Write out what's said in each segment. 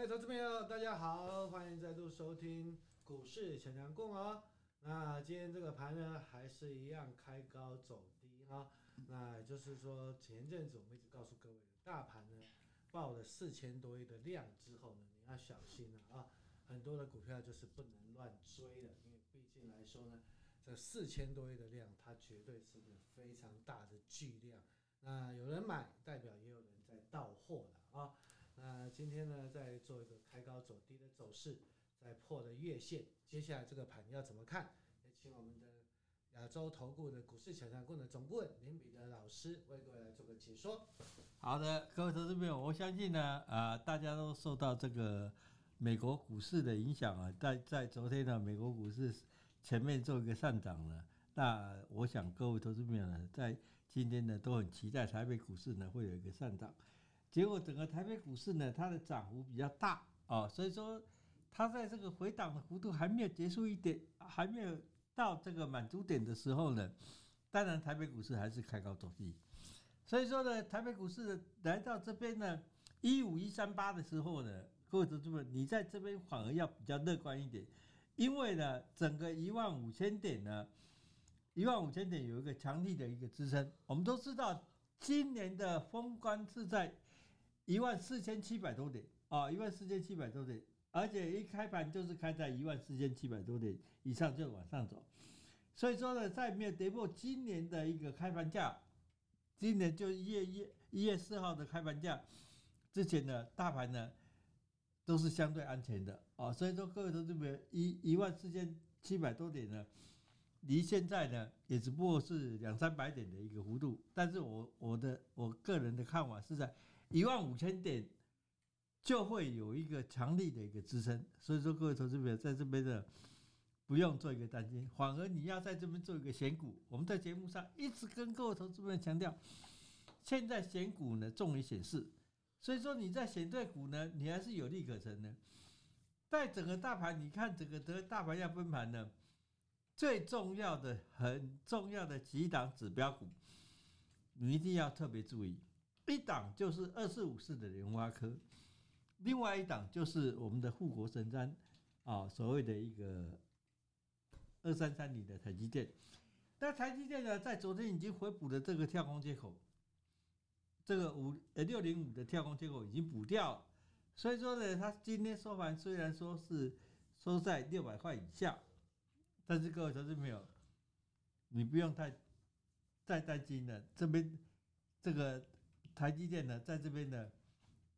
各位投資朋友，大家好，歡迎再度收聽股市強強滾哦。那今天這個盤呢，還是一樣開高走低啊、哦，那就是說，前陣子我們一直告訴各位，大盤呢報了四千多億的量之後呢，你要小心了、哦、啊。很多的股票就是不能亂追的，因為畢竟來說呢，這四千多億的量，它絕對是個非常大的巨量。那有人買，代表也有人在倒貨了。今天呢，再做一個開高走低的走勢，再破了月線，接下來這個盤要怎麼看？也請我們的亞洲投顧的股市前瞻顧問、總顧問鄭偉群老師，為各位來做個解說。好的，各位投資朋友，我相信呢，啊、呃、大家都受到這個美國股市的影響啊，在在昨天呢，美國股市前面做一個上漲了，那我想各位投資朋友呢，在今天呢，都很期待台北股市呢，會有一個上漲。結果整個台北股市呢，它的漲幅比較大啊、哦，所以說它在這個回檔的幅度還沒有結束一點，還沒有到這個滿足點的時候呢，當然台北股市還是開高走低。所以說呢，台北股市來到這邊呢，一五一三八的時候呢，各位同志們，你在這邊反而要比較樂觀一點，因為呢，整個一萬五千點呢，一萬五千點有一個強力的一個支撐。我們都知道，今年的封關是在。一萬四千七百多點啊、哦！一萬四千七百多點，而且一開盤就是開在一萬四千七百多點以上，就往上走。所以說呢，在沒有跌破今年的一個開盤價，今年就一月一、一月四號的開盤價之前呢，大盤呢都是相對安全的啊、哦。所以說，各位同志們，一一萬四千七百多點呢，離現在呢也只不過是兩三百點的一個幅度。但是我我的我個人的看法是在。一萬五千點就會有一個強力的一個支撐，所以說，各位投資朋友在這邊呢，不用做一個擔心，反而你要在這邊做一個選股。我們在節目上一直跟各位投資朋友強調，現在選股呢重於選勢，所以說你在選對股呢，你還是有利可乘的。在整個大盤，你看整個的大盤要崩盤呢，最重要的、很重要的幾檔指標股，你一定要特別注意。一檔就是二四五四的聯發科，另外一檔就是我們的護國神山，啊、哦，所謂的一個二三三零的台積電。那台積電呢，在昨天已經回補了這個跳空缺口，這個五呃六零五的跳空缺口已經補掉，所以說呢，他今天收盤雖然說是收在六百塊以下，但是各位投資朋友，你不用太太擔心了，這邊這個。台積電呢，在這邊呢，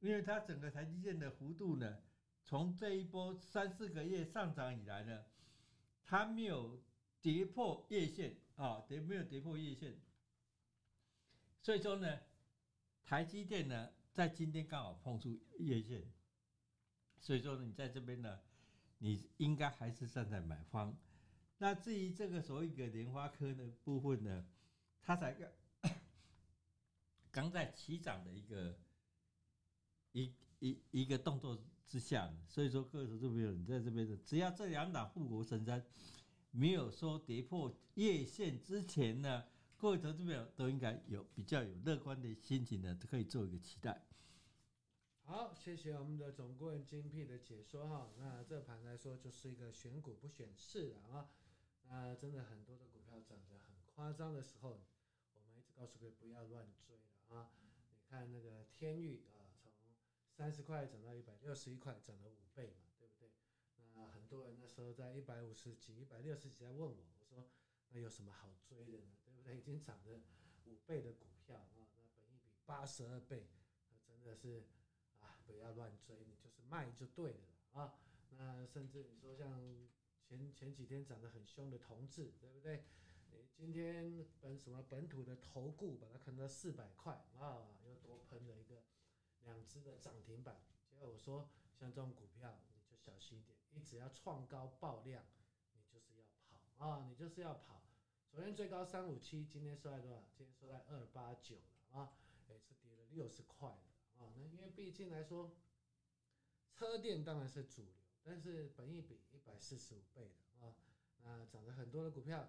因為它整個台積電的幅度呢，從這一波三四個月上漲以來呢，它沒有跌破月線啊，得、哦、沒有跌破月線，所以說呢，台積電呢，在今天剛好碰觸月線，所以說你在這邊呢，你應該還是站在買方。那至於這個所謂的聯發科的部分呢，它在剛在起漲的一個一一一,一個動作之下，所以說各位投資朋友，你在這邊的，只要這兩檔護國神山沒有說跌破月線之前呢，各位投資朋友都應該有比較有樂觀的心情呢，可以做一個期待。好，謝謝我們的總顧問精闢的解說哈。那這盤來說就是一個選股不選市的啊、哦。那真的很多的股票漲得很誇張的時候，我們一直告訴各位不要亂追。啊，你看那個天鈺啊，從三十塊漲到一百六十一塊，漲了五倍嘛，對不對？那很多人那時候在一百五十幾、一百六十幾在問我，我說那有什麼好追的呢？對不對？已經漲了五倍的股票啊，那本益比八十二倍，那真的是啊，不要亂追，你就是賣就對了啊。那甚至你說像前前幾天漲得很兇的同志，對不對？今天本什麼本土的投顧把它坑到四百塊啊，又多噴了一個兩隻的漲停板。結果我說，像這種股票你就小心一點，你只要創高爆量，你就是要跑啊、哦，你就是要跑。昨天最高三五七，今天收了多少？今天收在二八九了啊，也、哦、是跌了六十塊了啊、哦。那因為畢竟來說，車電當然是主流，但是本益比一百四十五倍的啊、哦，那漲了很多的股票。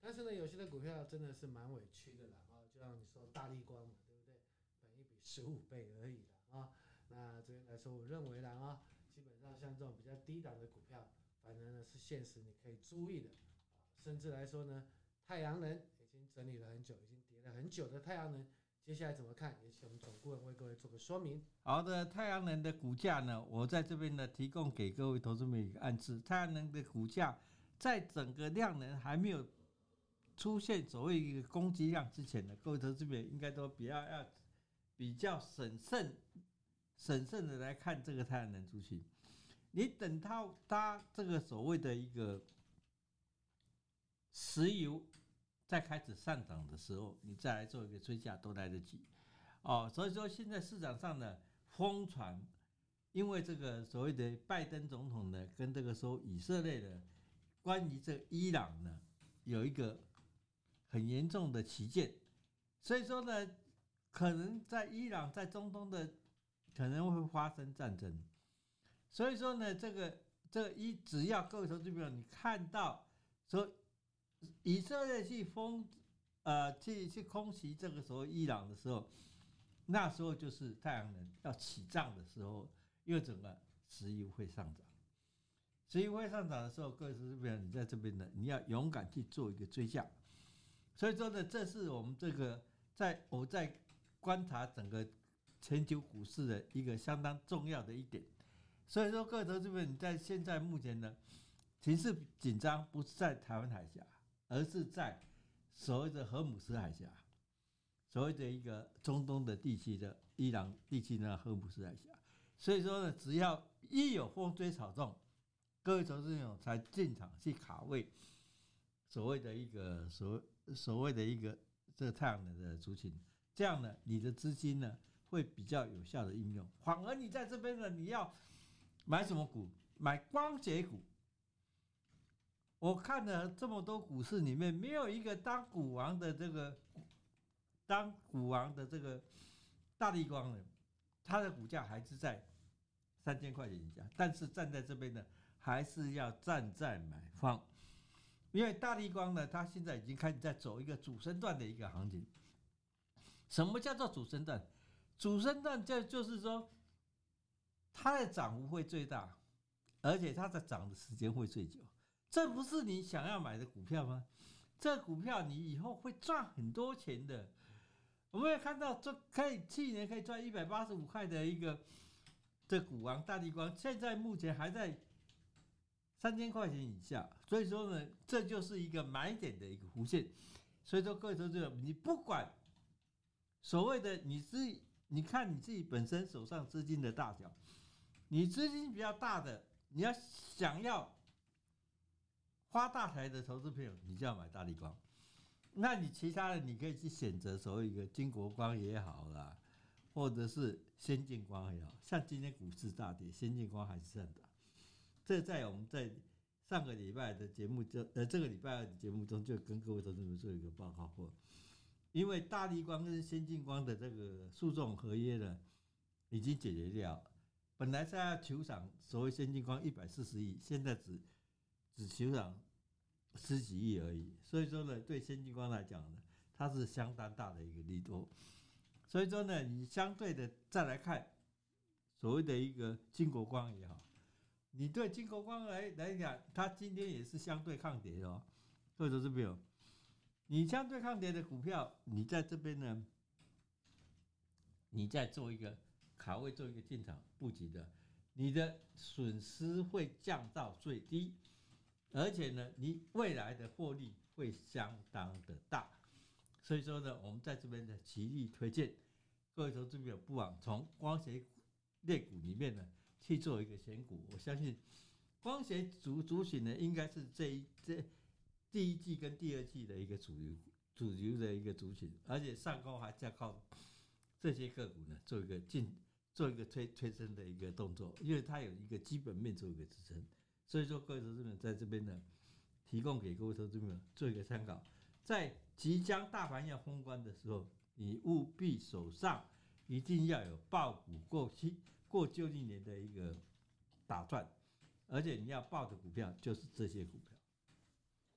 但是呢，有些的股票真的是蠻委屈的啦。啊、哦，就像你說大立光嘛，對不對？等一筆十五倍而已啊、哦。那這邊來說，我認為啦啊、哦，基本上像這種比較低檔的股票，反正呢是現實，你可以注意的、哦。甚至來說呢，太陽能已經整理了很久，已經跌了很久的太陽能，接下來怎麼看？也請我們總顧問為各位做個說明。好的，太陽能的股價呢，我在這邊呢提供給各位投資們一個暗示：太陽能的股價。在整個量能還沒有出現所謂一個攻擊量之前呢，各位投資朋友應該都比較要比較審慎審慎的來看這個太陽能主席，你等到它這個所謂的一個石油再開始上漲的時候，你再來做一個追價都來得及哦。所以說現在市場上的瘋傳，因為這個所謂的拜登總統呢跟這個時候以色列的。關於這個伊朗呢，有一個很嚴重的旗艦，所以說呢，可能在伊朗在中東的可能會發生戰爭，所以說呢，這個這個、一只要各位投資朋友你看到說以色列去封呃、去去空襲這個時候伊朗的時候，那時候就是太陽能要起漲的時候，又整個石油會上漲。所以會上漲的時候，各位投資人你在這邊呢，你要勇敢去做一個追加。所以說呢，這是我們這個在我在觀察整個全球股市的一個相當重要的一點。所以說，各位投資人你在現在目前呢，情勢緊張，不是在台灣海峽，而是在所謂的荷姆斯海峽，所謂的一個中東的地區的伊朗地區呢，荷姆斯海峽。所以說呢，只要一有風吹草動，各位投資朋友才進場去卡位，所謂的一個，所謂所謂的一個，這個太陽能的族群。這樣呢，你的資金呢，會比較有效的應用。反而你在這邊呢，你要買什麼股？買光學股？我看了這麼多股市裡面，沒有一個當股王的這個當股王的這個大立光的，他的股價還是在三千塊錢以下。但是站在這邊呢。還是要站在買方，因為大立光呢，它現在已經開始在走一個主升段的一個行情。什麼叫做主升段？主升段就就是說，它的漲幅會最大，而且它的漲的時間會最久。這不是你想要買的股票嗎？這股票你以後會賺很多錢的。我們也看到，這可以去年可以賺一百八十五塊的一個這股王大立光，現在目前還在。三千塊錢以下，所以說呢，這就是一個買點的一個弧線。所以說，各位投資者，你不管所謂的你自己，你看你自己本身手上資金的大小，你資金比較大的，你要想要發大財的投資朋友，你就要買大立光。那你其他的，你可以去選擇所謂一個金國光也好啦，或者是先進光也好。像今天股市大跌，先進光還是很大。這在我們在上個禮拜的節目就，這呃這個禮拜二的節目中就跟各位同志們做一個報告過。因為大立光跟先進光的這個訴訟合約呢，已經解決掉。本來是要求償，所謂先進光一百四十億，現在只只求償十幾億而已。所以說呢，對先進光來講呢，它是相當大的一個利多。所以說呢，你相對的再來看，所謂的一個今國光也好。你對今國光來來講，它今天也是相對抗跌哦。各位同志朋友，你相對抗跌的股票，你在這邊呢，你再做一個卡位，做一個進場布局的，你的損失會降到最低，而且呢，你未來的獲利會相當的大。所以說呢，我們在這邊呢極力推薦各位同志朋友不妨從光學類股裡面呢去做一個選股，我相信光學族族群呢，應該是這一這第一季跟第二季的一個主流主流的一個族群，而且上高還在靠這些個股呢做一個進做一個推推升的一個動作，因為它有一個基本面做一個支撐，所以說各位投資者在這邊呢提供給各位投資者做一個參考，在即將大盤要封關的時候，你務必手上一定要有抱股過去，過舊曆年的一個打算，而且你要抱的股票就是這些股票。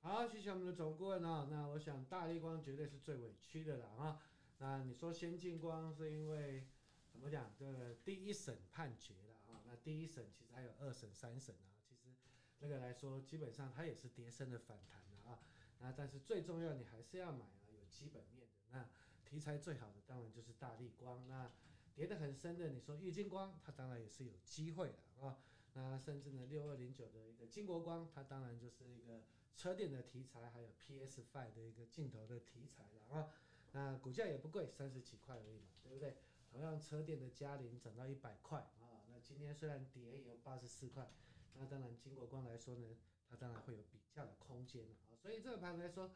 好，謝謝我們的總顧問啊、哦。那我想大立光絕對是最委屈的了啊、哦。那你說先進光是因為怎麼講？這、就、個、是、第一審判決了啊、哦。那第一審其實還有二審、三審啊。其實那個來說，基本上它也是跌深的反彈了啊。那但是最重要，你還是要買啊，有基本面的。那題材最好的當然就是大立光那。跌得很深的，你說玉晶光，它當然也是有機會的啊、哦。那甚至呢，六二零九的一個今國光，它當然就是一個車電的題材，還有 P S Five 的一個鏡頭的題材了啊、哦。那股價也不貴，三十幾塊而已嘛，對不對？同樣車電的佳凌漲到一百塊啊、哦。那今天雖然跌也有八十四塊，那當然今國光來說呢，它當然會有比較的空間啊。所以這個盤來說，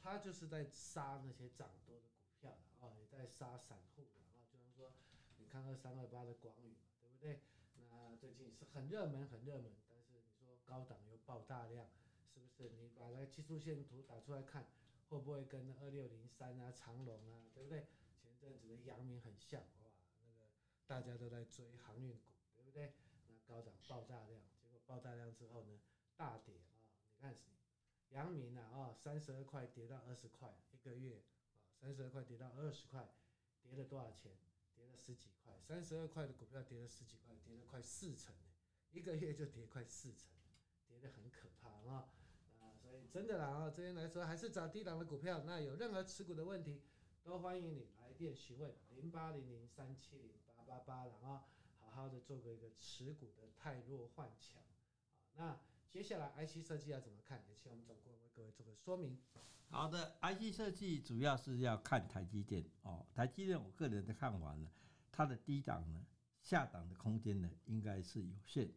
它就是在殺那些漲多的股票啊、哦，也在殺散戶。看二三二八的廣宇嘛，對不對？那最近是很熱門，很熱門。但是你說高檔又爆大量，是不是？你把那個技術線圖打出來看，會不會跟二六零三啊、長隆啊，對不對？前陣子的陽明很像，哇，那個大家都在追航運股，對不對？那高檔爆大量，結果爆大量之後呢，大跌啊、哦！你看，陽明啊，哦，三十二塊跌到二十塊，一個月，哦，三十二塊跌到二十塊，跌了多少錢？跌了十幾塊，三十二塊的股票跌了十幾塊，跌了快四成，一個月就跌快四成，跌得很可怕啊！啊、嗯哦，所以真的啦，啊這邊來說還是找低檔的股票。那有任何持股的問題，都歡迎你來電詢問零八零零三七零八八八，然後、嗯哦、好好的做個一個持股的汰弱換強。那接下來 IC 設計要怎麼看？也請我們總顧問為各位做個說明。好的，IC 設計主要是要看台積電哦。台積電，我個人的看法呢，它的低檔呢、下檔的空間呢，應該是有限。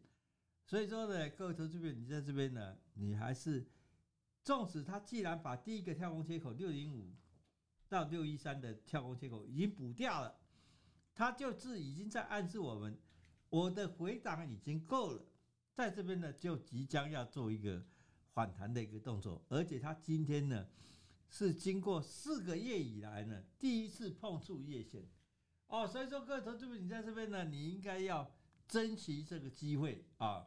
所以說呢，各位投資朋友，你在這邊呢，你還是，縱使它既然把第一個跳空缺口六零五到六一三的跳空缺口已經補掉了，它就是已經在暗示我們，我的回檔已經夠了，在這邊呢，就即將要做一個。反彈的一個動作，而且他今天呢，是經過四個月以來呢，第一次碰觸月線，哦，所以說各位同志們，你在這邊呢，你應該要珍惜這個機會啊，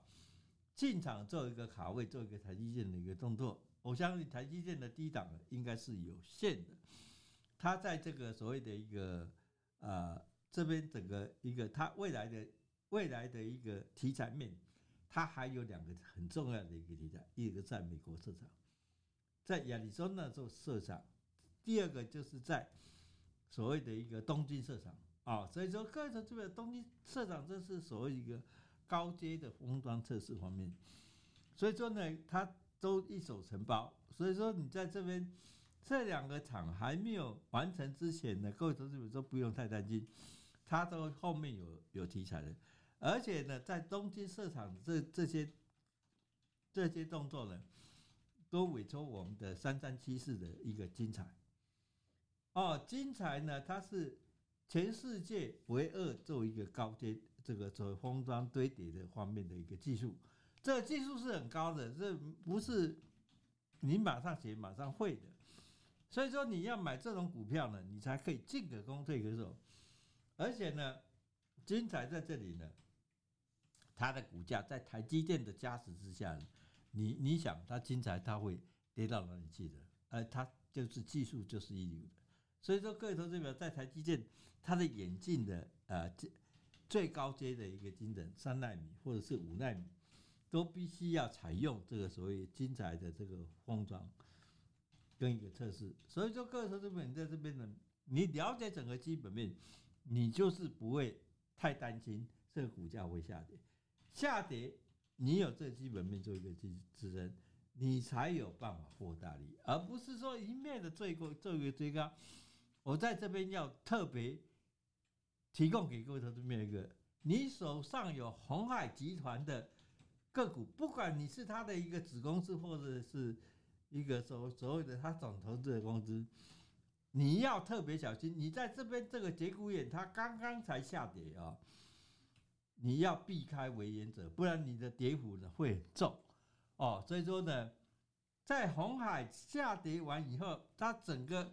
進場做一個卡位，做一個台積電的一個動作。我相信台積電的低檔應該是有限的，他在這個所謂的一個呃，這邊整個一個他未來的未來的一個題材面。他還有兩個很重要的一個題材，一個在美國設廠，在亞利桑那州設廠，第二個就是在所謂的一個東京設廠。啊、哦。所以說，各位同志們，東京設廠，這是所謂一個高階的封裝測試方面，所以說呢，他都一手承包。所以說，你在這邊這兩個廠還沒有完成之前呢，各位同志們說不用太擔心，他都後面有有題材的。而且呢，在東京市場這這些這些動作呢，都委托我們的三三七四的一個精材哦，精材呢，它是全世界唯二做一個高階這個做封裝堆疊的方面的一個技術，這個技術是很高的，這不是你馬上學馬上會的，所以說你要買這種股票呢，你才可以進可攻退可守，而且呢，精材在這裡呢。它的股價在台積電的加持之下，你你想它精材，它會跌到哪裡去的？呃，它就是技術就是一流的。所以說，各位投資者在台積電，它的眼鏡的呃最高階的一個晶圓三納米或者是五納米，都必須要採用這個所謂精材的這個封裝跟一個測試。所以說，各位投資者你在這邊呢，你了解整個基本面，你就是不會太擔心這個股價會下跌。下跌，你有這基本面做一個支支撐，你才有辦法獲大利，而不是說一面的追高，做一個追高。我在這邊要特別提供給各位投資面一個，你手上有鴻海集團的個股，不管你是他的一個子公司，或者是一個所所謂的他總投資的公司，你要特別小心。你在這邊這個節骨眼，他剛剛才下跌啊、哦。你要避開為原則，不然你的跌幅呢會很重哦。所以說呢，在鴻海下跌完以後，它整個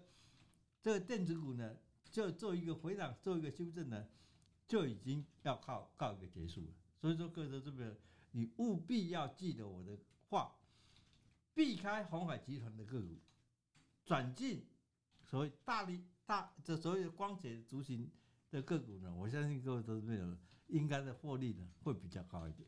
這個電子股呢，就做一個回檔，做一個修正呢，就已經要靠告一個結束了。所以說各位都這邊，你務必要記得我的話，避開鴻海集團的個股，轉進所謂大力大這所有的光學的族群的個股呢，我相信各位都是沒有。應該的獲利呢會比較高一點。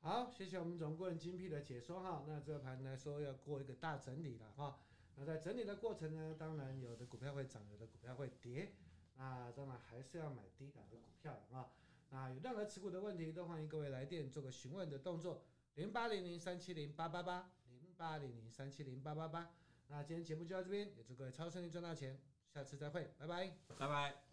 好，謝謝我們總顧問精闢的解說哈。那這個盤來說要過一個大整理了哈。那在整理的過程呢，當然有的股票會漲，有的股票會跌。那當然還是要買低檔的股票了啊。那有任何持股的問題，都歡迎各位來電做個詢問的動作，零八零零三七零八八八，零八零零三七零八八八。那今天節目就到這邊，也祝各位超順利賺大錢，下次再會，拜拜，拜拜。